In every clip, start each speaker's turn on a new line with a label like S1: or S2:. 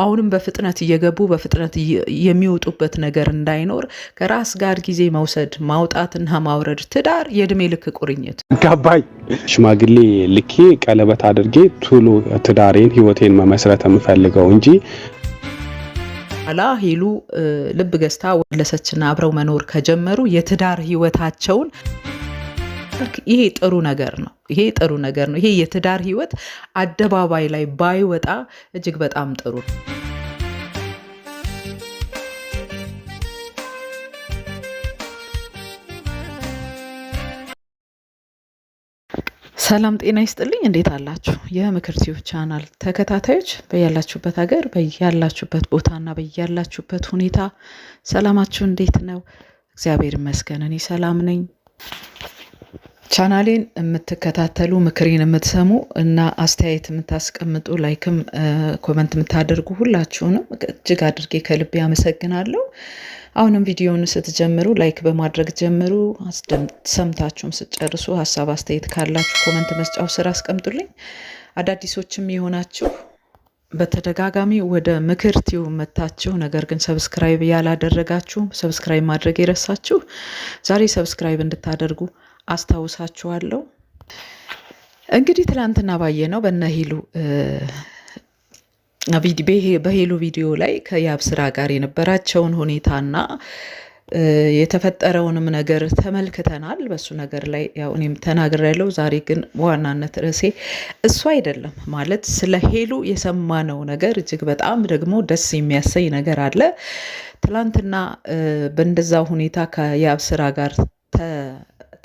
S1: አሁንም በፍጥነት እየገቡ በፍጥነት የሚወጡበት ነገር እንዳይኖር ከራስ ጋር ጊዜ መውሰድ ማውጣትና ማውረድ። ትዳር የእድሜ ልክ ቁርኝት።
S2: ጋባይ ሽማግሌ ልኬ ቀለበት አድርጌ ቱሎ ትዳሬን ህይወቴን መመስረት የምፈልገው እንጂ
S1: ኋላ ሄሉ ልብ ገዝታ ወለሰችና አብረው መኖር ከጀመሩ የትዳር ህይወታቸውን ካልክ ይሄ ጥሩ ነገር ነው። ይሄ ጥሩ ነገር ነው። ይሄ የትዳር ህይወት አደባባይ ላይ ባይወጣ እጅግ በጣም ጥሩ ነው። ሰላም ጤና ይስጥልኝ። እንዴት አላችሁ? የምክር ቲዩብ ቻናል ተከታታዮች በያላችሁበት ሀገር በያላችሁበት ቦታና በያላችሁበት ሁኔታ ሰላማችሁ እንዴት ነው? እግዚአብሔር ይመስገን እኔ ሰላም ነኝ። ቻናሌን የምትከታተሉ ምክሬን የምትሰሙ እና አስተያየት የምታስቀምጡ ላይክም ኮመንት የምታደርጉ ሁላችሁንም እጅግ አድርጌ ከልቤ አመሰግናለሁ። አሁንም ቪዲዮውን ስትጀምሩ ላይክ በማድረግ ጀምሩ። ሰምታችሁም ስትጨርሱ ሀሳብ አስተያየት ካላችሁ ኮመንት መስጫው ስር አስቀምጡልኝ። አዳዲሶችም የሆናችሁ በተደጋጋሚ ወደ ምክር ቲዩ መታችሁ፣ ነገር ግን ሰብስክራይብ ያላደረጋችሁ ሰብስክራይብ ማድረግ የረሳችሁ ዛሬ ሰብስክራይብ እንድታደርጉ አስታውሳችኋለሁ። እንግዲህ ትላንትና ባየ ነው በነሄሉ በሄሉ ቪዲዮ ላይ ከያብ ስራ ጋር የነበራቸውን ሁኔታና የተፈጠረውንም ነገር ተመልክተናል። በሱ ነገር ላይ ያው እኔም ያለው ዛሬ ግን በዋናነት ርዕሴ እሱ አይደለም ማለት ስለ ሄሉ የሰማነው ነገር እጅግ በጣም ደግሞ ደስ የሚያሰኝ ነገር አለ። ትላንትና በእንደዛ ሁኔታ ከያብ ስራ ጋር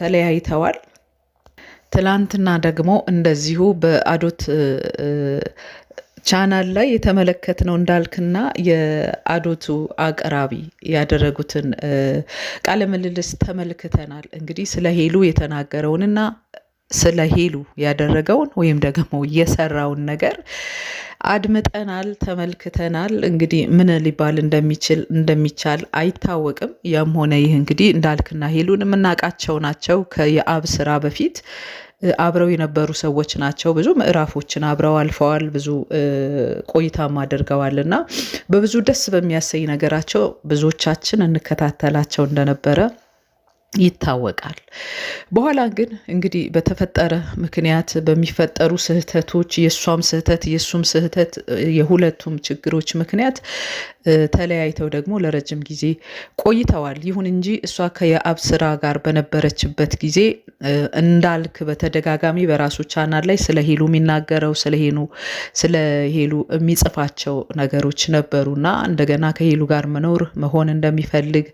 S1: ተለያይተዋል። ትላንትና ደግሞ እንደዚሁ በአዶት ቻናል ላይ የተመለከትነው እንዳልክና የአዶቱ አቅራቢ ያደረጉትን ቃለ ምልልስ ተመልክተናል። እንግዲህ ስለ ሄሉ የተናገረውንና ስለ ሄሉ ያደረገውን ወይም ደግሞ የሰራውን ነገር አድምጠናል፣ ተመልክተናል። እንግዲህ ምን ሊባል እንደሚችል እንደሚቻል አይታወቅም። ያም ሆነ ይህ እንግዲህ እንዳልክና ሄሉን የምናውቃቸው ናቸው ከየአብ ስራ በፊት አብረው የነበሩ ሰዎች ናቸው። ብዙ ምዕራፎችን አብረው አልፈዋል። ብዙ ቆይታም አድርገዋል እና በብዙ ደስ በሚያሰኝ ነገራቸው ብዙዎቻችን እንከታተላቸው እንደነበረ ይታወቃል። በኋላ ግን እንግዲህ በተፈጠረ ምክንያት በሚፈጠሩ ስህተቶች የእሷም ስህተት የእሱም ስህተት የሁለቱም ችግሮች ምክንያት ተለያይተው ደግሞ ለረጅም ጊዜ ቆይተዋል። ይሁን እንጂ እሷ ከየአብ ስራ ጋር በነበረችበት ጊዜ እንዳልክ በተደጋጋሚ በራሱ ቻናል ላይ ስለ ሄሉ የሚናገረው ስለ ሄሉ ስለ ሄሉ የሚጽፋቸው ነገሮች ነበሩና እንደገና ከሄሉ ጋር መኖር መሆን እንደሚፈልግ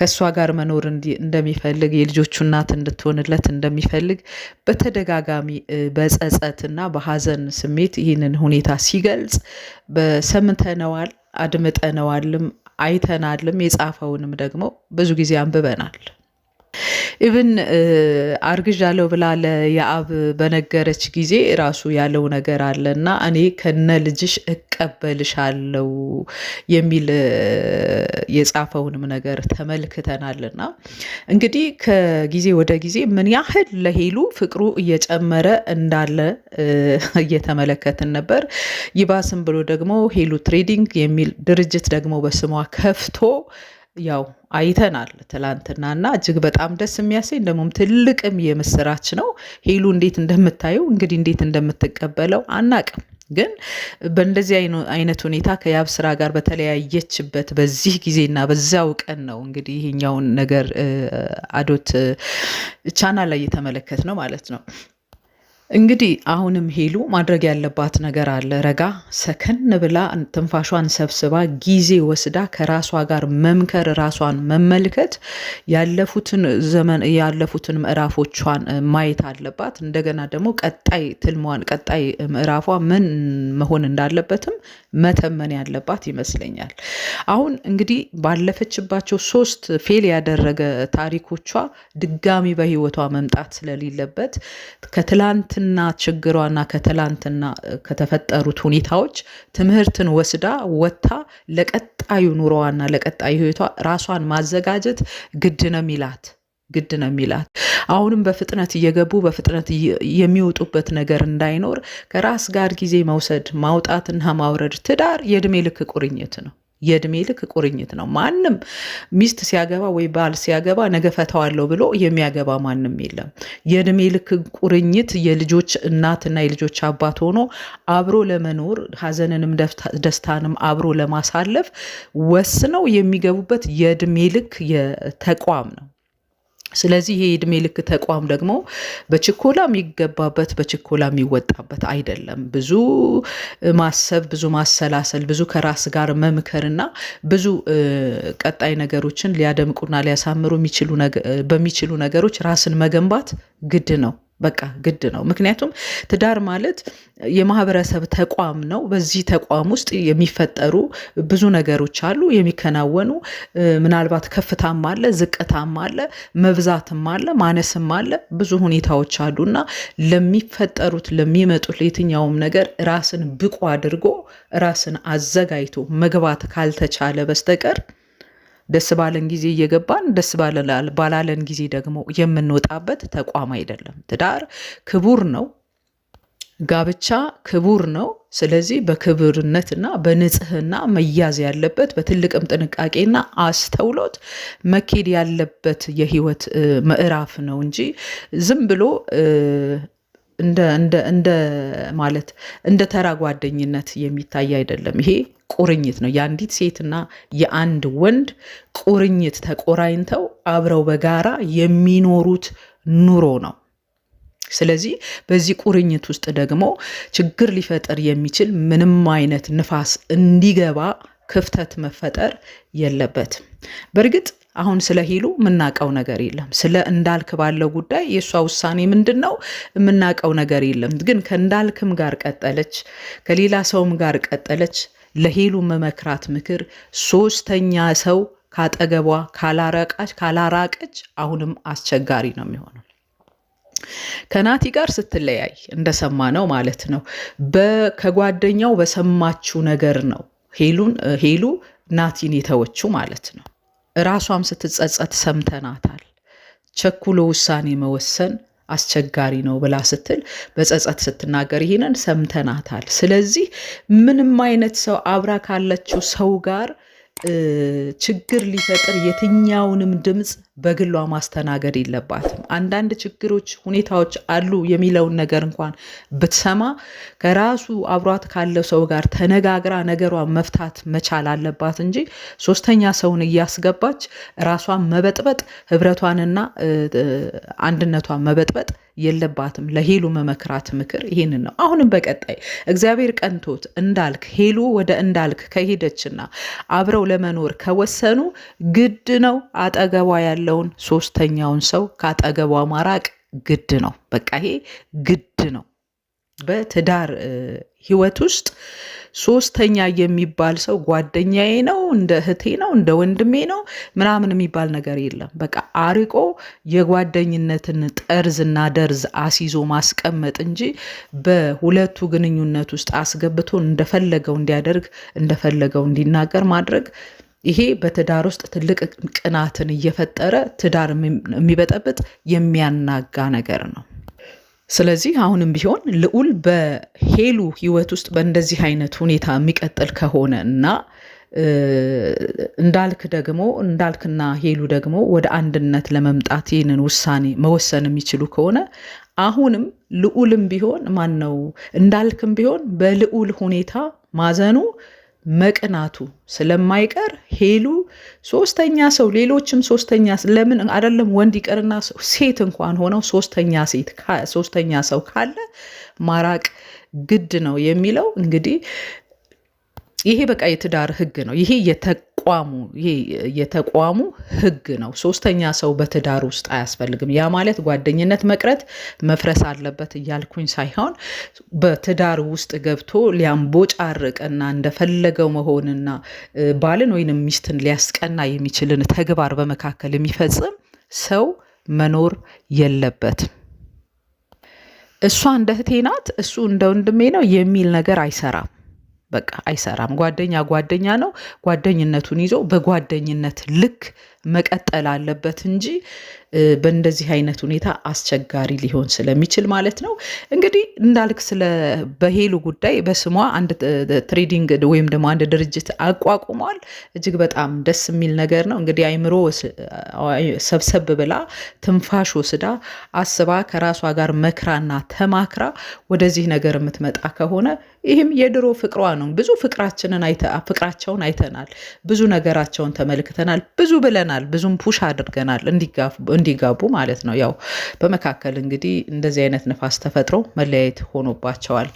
S1: ከእሷ ጋር መኖር እንደሚፈልግ የልጆቹ እናት እንድት እንድትሆንለት እንደሚፈልግ በተደጋጋሚ በጸጸትና በሀዘን ስሜት ይህንን ሁኔታ ሲገልጽ በሰምተነዋል፣ አድምጠነዋልም አይተናልም። የጻፈውንም ደግሞ ብዙ ጊዜ አንብበናል። ኢብን አርግዣለሁ ብላ ለያዕቆብ በነገረች ጊዜ ራሱ ያለው ነገር አለ እና እኔ ከነ ልጅሽ እቀበልሻለሁ የሚል የጻፈውንም ነገር ተመልክተናልና እንግዲህ ከጊዜ ወደ ጊዜ ምን ያህል ለሄሉ ፍቅሩ እየጨመረ እንዳለ እየተመለከትን ነበር። ይባስም ብሎ ደግሞ ሄሉ ትሬዲንግ የሚል ድርጅት ደግሞ በስሟ ከፍቶ ያው አይተናል እና እጅግ በጣም ደስ የሚያሰኝ ደግሞም ትልቅም የምስራች ነው። ሄሉ እንዴት እንደምታየው እንግዲህ እንዴት እንደምትቀበለው አናቅም። ግን በእንደዚህ አይነት ሁኔታ ከያብ ስራ ጋር በተለያየችበት በዚህ ጊዜና በዛው ቀን ነው እንግዲህ ይሄኛውን ነገር አዶት ቻናል ላይ እየተመለከት ነው ማለት ነው። እንግዲህ አሁንም ሄሉ ማድረግ ያለባት ነገር አለ። ረጋ ሰከን ብላ ትንፋሿን ሰብስባ ጊዜ ወስዳ ከራሷ ጋር መምከር፣ ራሷን መመልከት፣ ያለፉትን ዘመን ያለፉትን ምዕራፎቿን ማየት አለባት። እንደገና ደግሞ ቀጣይ ትልሟን ቀጣይ ምዕራፏ ምን መሆን እንዳለበትም መተመን ያለባት ይመስለኛል። አሁን እንግዲህ ባለፈችባቸው ሶስት ፌል ያደረገ ታሪኮቿ ድጋሚ በህይወቷ መምጣት ስለሌለበት ከትላንት ከትናንትና ችግሯና ከትላንትና ከተፈጠሩት ሁኔታዎች ትምህርትን ወስዳ ወጥታ ለቀጣዩ ኑሮዋና ለቀጣዩ ህይወቷ ራሷን ማዘጋጀት ግድ ነው የሚላት ግድ ነው የሚላት። አሁንም በፍጥነት እየገቡ በፍጥነት የሚወጡበት ነገር እንዳይኖር ከራስ ጋር ጊዜ መውሰድ ማውጣትና ማውረድ። ትዳር የእድሜ ልክ ቁርኝት ነው። የእድሜ ልክ ቁርኝት ነው። ማንም ሚስት ሲያገባ ወይ ባል ሲያገባ ነገ ፈታዋለሁ ብሎ የሚያገባ ማንም የለም። የእድሜ ልክ ቁርኝት፣ የልጆች እናትና የልጆች አባት ሆኖ አብሮ ለመኖር ሐዘንንም ደስታንም አብሮ ለማሳለፍ ወስነው የሚገቡበት የእድሜ ልክ ተቋም ነው። ስለዚህ ይሄ የእድሜ ልክ ተቋም ደግሞ በችኮላ የሚገባበት በችኮላ የሚወጣበት አይደለም። ብዙ ማሰብ፣ ብዙ ማሰላሰል፣ ብዙ ከራስ ጋር መምከርና ብዙ ቀጣይ ነገሮችን ሊያደምቁና ሊያሳምሩ በሚችሉ ነገሮች ራስን መገንባት ግድ ነው። በቃ ግድ ነው። ምክንያቱም ትዳር ማለት የማህበረሰብ ተቋም ነው። በዚህ ተቋም ውስጥ የሚፈጠሩ ብዙ ነገሮች አሉ የሚከናወኑ ምናልባት ከፍታም አለ፣ ዝቅታም አለ፣ መብዛትም አለ፣ ማነስም አለ። ብዙ ሁኔታዎች እና ለሚፈጠሩት ለሚመጡት ለየትኛውም ነገር ራስን ብቁ አድርጎ ራስን አዘጋጅቶ መግባት ካልተቻለ በስተቀር ደስ ባለን ጊዜ እየገባን ደስ ባላለን ጊዜ ደግሞ የምንወጣበት ተቋም አይደለም። ትዳር ክቡር ነው። ጋብቻ ክቡር ነው። ስለዚህ በክብርነትና በንጽህና መያዝ ያለበት በትልቅም ጥንቃቄና አስተውሎት መኬድ ያለበት የህይወት ምዕራፍ ነው እንጂ ዝም ብሎ እንደ ማለት እንደ ተራ ጓደኝነት የሚታይ አይደለም። ይሄ ቁርኝት ነው። የአንዲት ሴትና የአንድ ወንድ ቁርኝት ተቆራኝተው አብረው በጋራ የሚኖሩት ኑሮ ነው። ስለዚህ በዚህ ቁርኝት ውስጥ ደግሞ ችግር ሊፈጠር የሚችል ምንም አይነት ንፋስ እንዲገባ ክፍተት መፈጠር የለበትም። በእርግጥ አሁን ስለ ሂሉ የምናውቀው ነገር የለም። ስለ እንዳልክ ባለው ጉዳይ የእሷ ውሳኔ ምንድን ነው የምናውቀው ነገር የለም። ግን ከእንዳልክም ጋር ቀጠለች፣ ከሌላ ሰውም ጋር ቀጠለች። ለሂሉ መመክራት ምክር ሶስተኛ ሰው ካጠገቧ ካላረቃች ካላራቀች አሁንም አስቸጋሪ ነው የሚሆነው። ከናቲ ጋር ስትለያይ እንደሰማ ነው ማለት ነው። ከጓደኛው በሰማችው ነገር ነው ሄሉ ናቲን የተወችው ማለት ነው። እራሷም ስትጸጸት ሰምተናታል። ቸኩሎ ውሳኔ መወሰን አስቸጋሪ ነው ብላ ስትል በጸጸት ስትናገር ይህንን ሰምተናታል። ስለዚህ ምንም አይነት ሰው አብራ ካለችው ሰው ጋር ችግር ሊፈጥር የትኛውንም ድምፅ በግሏ ማስተናገድ የለባትም። አንዳንድ ችግሮች፣ ሁኔታዎች አሉ የሚለውን ነገር እንኳን ብትሰማ ከራሱ አብሯት ካለው ሰው ጋር ተነጋግራ ነገሯን መፍታት መቻል አለባት እንጂ ሶስተኛ ሰውን እያስገባች ራሷን መበጥበጥ፣ ህብረቷንና አንድነቷን መበጥበጥ የለባትም። ለሄሉ መመክራት ምክር ይህንን ነው። አሁንም በቀጣይ እግዚአብሔር ቀንቶት እንዳልክ ሄሉ ወደ እንዳልክ ከሄደችና አብረው ለመኖር ከወሰኑ ግድ ነው አጠገቧ ያለ ያለውን ሶስተኛውን ሰው ከአጠገቧ ማራቅ ግድ ነው። በቃ ይሄ ግድ ነው። በትዳር ህይወት ውስጥ ሶስተኛ የሚባል ሰው ጓደኛዬ ነው፣ እንደ እህቴ ነው፣ እንደ ወንድሜ ነው ምናምን የሚባል ነገር የለም። በቃ አርቆ የጓደኝነትን ጠርዝና ደርዝ አስይዞ ማስቀመጥ እንጂ በሁለቱ ግንኙነት ውስጥ አስገብቶ እንደፈለገው እንዲያደርግ እንደፈለገው እንዲናገር ማድረግ ይሄ በትዳር ውስጥ ትልቅ ቅናትን እየፈጠረ ትዳር የሚበጠብጥ የሚያናጋ ነገር ነው። ስለዚህ አሁንም ቢሆን ልዑል በሄሉ ህይወት ውስጥ በእንደዚህ አይነት ሁኔታ የሚቀጥል ከሆነ እና እንዳልክ ደግሞ እንዳልክና ሄሉ ደግሞ ወደ አንድነት ለመምጣት ይህንን ውሳኔ መወሰን የሚችሉ ከሆነ አሁንም ልዑልም ቢሆን ማን ነው እንዳልክም ቢሆን በልዑል ሁኔታ ማዘኑ መቅናቱ ስለማይቀር ሄሉ ሶስተኛ ሰው ሌሎችም ሶስተኛ ለምን አይደለም ወንድ ይቀርና ሴት እንኳን ሆነው ሶስተኛ ሴት ሶስተኛ ሰው ካለ ማራቅ ግድ ነው የሚለው እንግዲህ ይሄ በቃ የትዳር ህግ ነው። ይሄ የተቋሙ ይሄ የተቋሙ ህግ ነው። ሶስተኛ ሰው በትዳር ውስጥ አያስፈልግም። ያ ማለት ጓደኝነት መቅረት መፍረስ አለበት እያልኩኝ ሳይሆን በትዳር ውስጥ ገብቶ ሊያንቦጫርቅና እንደፈለገው መሆንና ባልን ወይንም ሚስትን ሊያስቀና የሚችልን ተግባር በመካከል የሚፈጽም ሰው መኖር የለበትም። እሷ እንደ እህቴ ናት፣ እሱ እንደ ወንድሜ ነው የሚል ነገር አይሰራም። በቃ አይሰራም። ጓደኛ ጓደኛ ነው። ጓደኝነቱን ይዞ በጓደኝነት ልክ መቀጠል አለበት እንጂ በእንደዚህ አይነት ሁኔታ አስቸጋሪ ሊሆን ስለሚችል ማለት ነው። እንግዲህ እንዳልክ ስለ በሄሉ ጉዳይ በስሟ አንድ ትሬዲንግ ወይም ደግሞ አንድ ድርጅት አቋቁሟል። እጅግ በጣም ደስ የሚል ነገር ነው። እንግዲህ አይምሮ ሰብሰብ ብላ ትንፋሽ ወስዳ አስባ ከራሷ ጋር መክራና ተማክራ ወደዚህ ነገር የምትመጣ ከሆነ ይህም የድሮ ፍቅሯ ነው። ብዙ ፍቅራችንን ፍቅራቸውን አይተናል። ብዙ ነገራቸውን ተመልክተናል። ብዙ ብለናል። አድርገናል፣ ብዙም ፑሽ አድርገናል እንዲጋቡ ማለት ነው። ያው በመካከል እንግዲህ እንደዚህ አይነት ነፋስ ተፈጥሮ መለያየት ሆኖባቸዋል።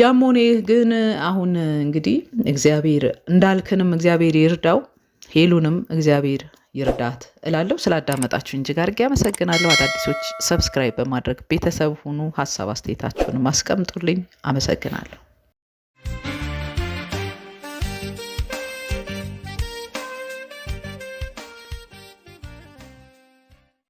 S1: ያም ሆነ ግን አሁን እንግዲህ እግዚአብሔር እንዳልክንም እግዚአብሔር ይርዳው፣ ሄሉንም እግዚአብሔር ይርዳት እላለሁ። ስላዳመጣችሁ ጋር ጌ አመሰግናለሁ። አዳዲሶች ሰብስክራይብ በማድረግ ቤተሰብ ሁኑ። ሀሳብ አስተያየታችሁንም አስቀምጡልኝ። አመሰግናለሁ።